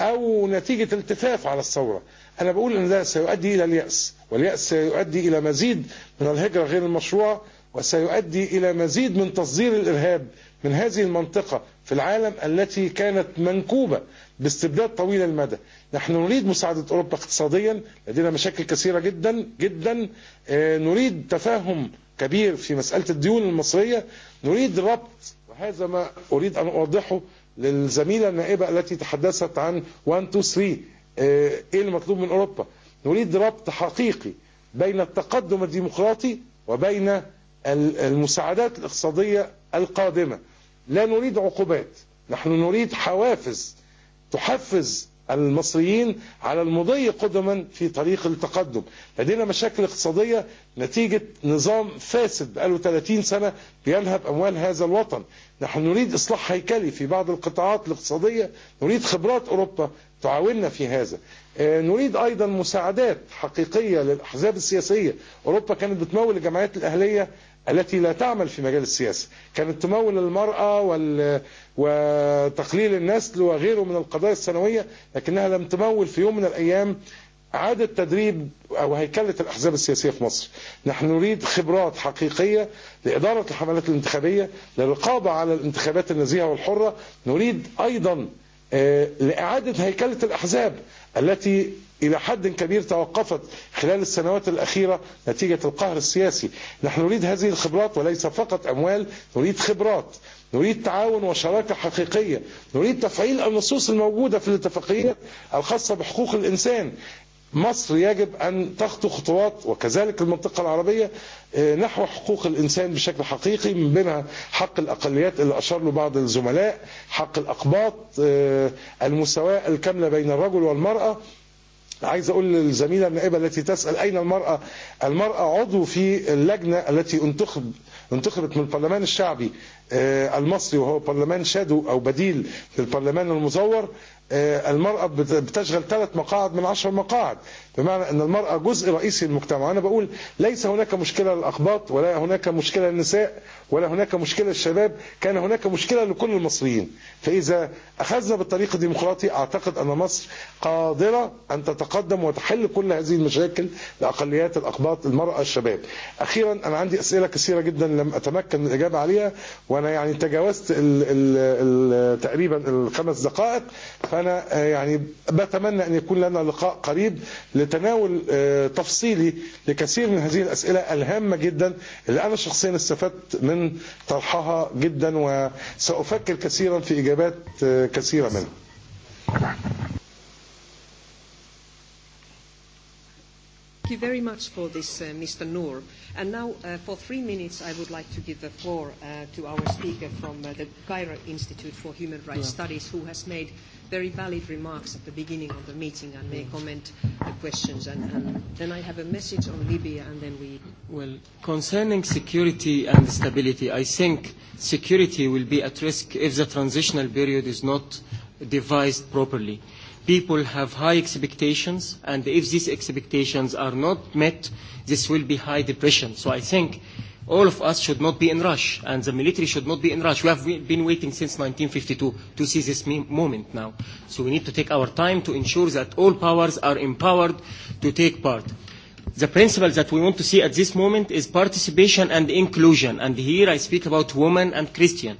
أو نتيجة التفاف على الثورة أنا بقول أن ذلك سيؤدي إلى اليأس واليأس سيؤدي إلى مزيد من الهجرة غير المشروعة وسيؤدي إلى مزيد من تصدير الإرهاب من هذه المنطقة في العالم التي كانت منكوبة باستبداد طويل المدى نحن نريد مساعدة أوروبا اقتصاديا لدينا مشاكل كثيرة جدا جدا نريد تفاهم كبير في مسألة الديون المصرية نريد ربط وهذا ما أريد أن أوضحه للزميلة النائبة التي تحدثت عن 1 2 3 إيه المطلوب من أوروبا نريد ربط حقيقي بين التقدم الديمقراطي وبين المساعدات الاقتصادية القادمة لا نريد عقوبات نحن نريد حوافز تحفز المصريين على المضي قدما في طريق التقدم لدينا مشاكل اقتصادية نتيجة نظام فاسد بقاله 30 سنة بينهب أموال هذا الوطن نحن نريد إصلاح هيكلي في بعض القطاعات الاقتصادية نريد خبرات أوروبا تعاوننا في هذا نريد أيضا مساعدات حقيقية للأحزاب السياسية أوروبا كانت بتمول الجمعيات الأهلية التي لا تعمل في مجال السياسة كانت تمول المرأة وتقليل النسل وغيره من القضايا السنوية لكنها لم تمول في يوم من الأيام عادة تدريب أو هيكلة الأحزاب السياسية في مصر نحن نريد خبرات حقيقية لإدارة الحملات الانتخابية للرقابة على الانتخابات النزيهة والحرة نريد أيضا لاعاده هيكله الاحزاب التي الى حد كبير توقفت خلال السنوات الاخيره نتيجه القهر السياسي، نحن نريد هذه الخبرات وليس فقط اموال، نريد خبرات، نريد تعاون وشراكه حقيقيه، نريد تفعيل النصوص الموجوده في الاتفاقيات الخاصه بحقوق الانسان مصر يجب أن تخطو خطوات وكذلك المنطقة العربية نحو حقوق الإنسان بشكل حقيقي من بينها حق الأقليات اللي أشار له بعض الزملاء حق الأقباط المساواة الكاملة بين الرجل والمرأة عايز اقول للزميله النائبه التي تسال اين المراه؟ المراه عضو في اللجنه التي انتخب انتخبت من البرلمان الشعبي المصري وهو برلمان شادو او بديل للبرلمان المزور المرأة بتشغل ثلاث مقاعد من عشر مقاعد بمعنى أن المرأة جزء رئيسي للمجتمع أنا بقول ليس هناك مشكلة للأخباط ولا هناك مشكلة للنساء ولا هناك مشكلة للشباب كان هناك مشكلة لكل المصريين فإذا أخذنا بالطريق الديمقراطي أعتقد أن مصر قادرة أن تتقدم وتحل كل هذه المشاكل لأقليات الأقباط المرأة الشباب أخيرا أنا عندي أسئلة كثيرة جدا لم أتمكن من الإجابة عليها وأنا يعني تجاوزت الـ الـ الـ تقريبا الخمس دقائق فأنا يعني بتمنى أن يكون لنا لقاء قريب لتناول تفصيلي لكثير من هذه الأسئلة الهامة جدا اللي أنا شخصيا استفدت من من طرحها جدا وسأفكر كثيرا في إجابات كثيرة منها Thank you very much for this, uh, Mr. Noor. And now, uh, for three minutes, I would like to give the floor uh, to our speaker from uh, the Cairo Institute for Human Rights yeah. Studies, who has made very valid remarks at the beginning of the meeting and may comment the questions. And, and then I have a message on Libya and then we... Well, concerning security and stability, I think security will be at risk if the transitional period is not devised properly. People have high expectations, and if these expectations are not met, this will be high depression. So I think all of us should not be in rush, and the military should not be in rush. We have been waiting since 1952 to see this moment now. So we need to take our time to ensure that all powers are empowered to take part. The principle that we want to see at this moment is participation and inclusion. And here I speak about women and Christian.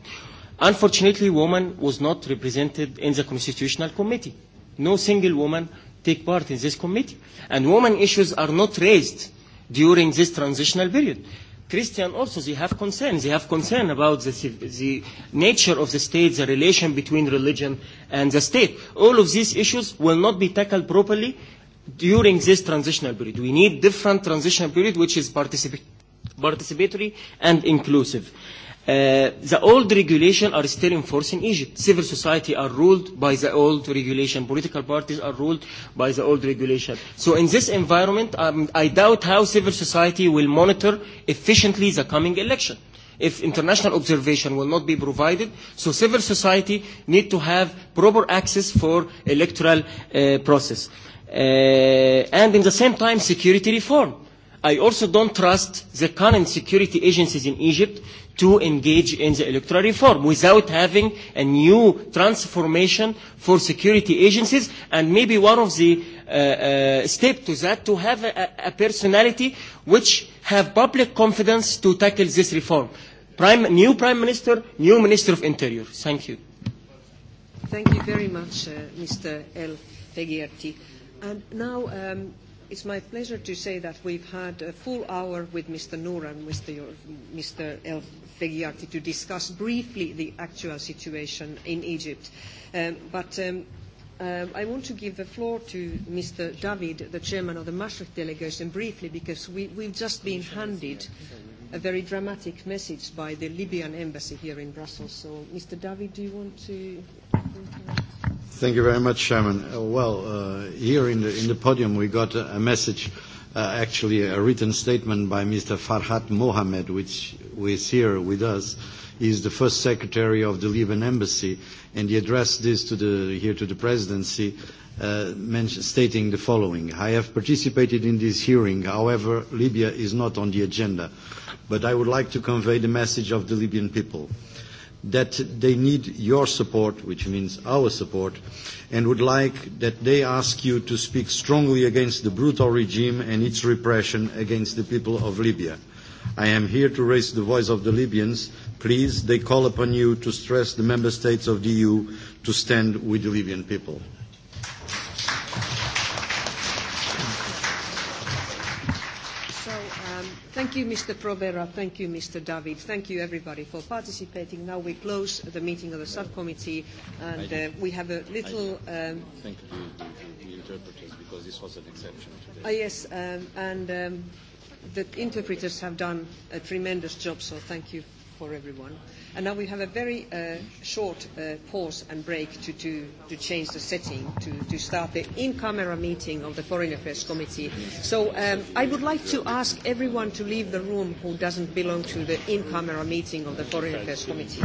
Unfortunately, woman was not represented in the constitutional committee. No single woman take part in this committee. And women issues are not raised during this transitional period. Christian also, they have concern. They have concern about the, the nature of the state, the relation between religion and the state. All of these issues will not be tackled properly during this transitional period. We need different transitional period, which is particip- participatory and inclusive. Uh, Uh, the old regulations are still in force in Egypt. Civil society are ruled by the old regulation. Political parties are ruled by the old regulation. So in this environment, um, I doubt how civil society will monitor efficiently the coming election. If international observation will not be provided, so civil society need to have proper access for electoral uh, process. Uh, and in the same time, security reform. I also don't trust the current security agencies in Egypt to engage in the electoral reform without having a new transformation for security agencies and maybe one of the uh, uh, step to that to have a, a personality which have public confidence to tackle this reform. Prime, new Prime Minister, new Minister of Interior. Thank you. Thank you very much, uh, Mr. El Fegierti. And now, um, It's my pleasure to say that we've had a full hour with Mr. Noor and Mr. El Feghiati to discuss briefly the actual situation in Egypt. Um, but um, uh, I want to give the floor to Mr. David, the chairman of the Maastricht delegation, briefly because we, we've just been handed a very dramatic message by the Libyan embassy here in Brussels. So, Mr. David, do you want to... Thank you. Thank you very much, Chairman. Uh, well, uh, here in the podium, we got a message, uh, actually a written statement by Mr. Farhad Mohammed, which is here with us. He's the first secretary of the Lebanon Embassy, and he addressed this here to the presidency, stating the following: "I have participated in this hearing. However, Libya is not on the agenda. But I would like to convey the message of the Libyan people that they need your support, which means our support, and would like that they ask you to speak strongly against the brutal regime and its repression against the people of Libya. I am here to raise the voice of the Libyans. Please, they call upon you to stress the member states of the EU to stand with the Libyan people. you, Mr. Provera. Thank you, Mr. David. Thank you, everybody, for participating. Now we close the meeting of the subcommittee, and uh, we have a little. Um, thank you, the interpreters, because this was an exception today. Ah, yes, um, and um, the interpreters have done a tremendous job, so thank you for everyone. And now we have a very uh, short uh, pause and break to, to, to change the setting to, to start the in camera meeting of the Foreign Affairs Committee. So um, I would like to ask everyone to leave the room who doesn't belong to the in camera meeting of the Foreign Affairs Committee.